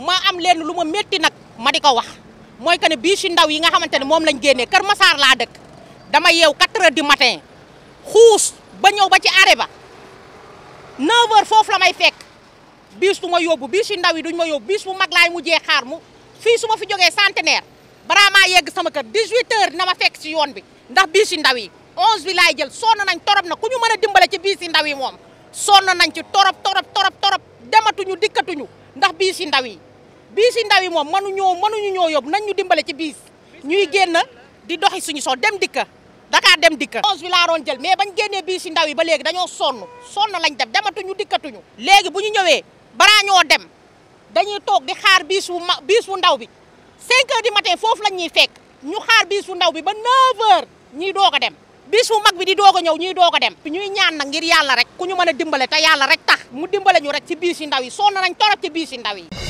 ma am lenn lu ma métti nag ma di ko wax mooy que ne bii si ndaw yi nga xamante ne moom lañ génnee Kër Massar laa dëkk dama yeew 4 heures di matin xuus ba ñëw ba ci arrêt ba 9 foofu la may fekk biis du ma yóbbu biis si ndaw yi duñ ma yóbbu biis bu mag laay mujjee xaar mu fii su ma fi jógee centenaire balaa maa yegg sama kër 18 heures dina ma fekk si yoon bi ndax biis si ndaw yi 11 bi laay jël sonn nañ torop na ku ñu mën a dimbale ci biis si ndaw yi moom sonn nañ ci torop torop torop torop ndax biis si ndaw yi biis yi ndaw yi moom mënuñoo mënuñu ñoo yóbbu nañ ñu dimbale ci biis ñuy génn di doxi suñu sox dem dikka Dakar dem dikka onze bi laa doon jël mais bañ génnee biis yi ndaw yi ba léegi dañoo sonn sonn lañ def dematuñu dikkatuñu léegi bu ñu ñëwee baraa ñoo dem dañuy toog di xaar biis wu ma wu ndaw bi cinq heures du foofu lañ ñuy fekk ñu xaar biis wu ndaw bi ba neuf heures ñuy doog dem bis bu mag bi di doog a ñëw ñuy doog a dem ñuy ñaan nag ngir yàlla rek ku ñu mën a dimbale te yàlla rek tax mu dimbale ñu rek ci biis yi ndaw yi sonn nañ torop ci biis yi ndaw yi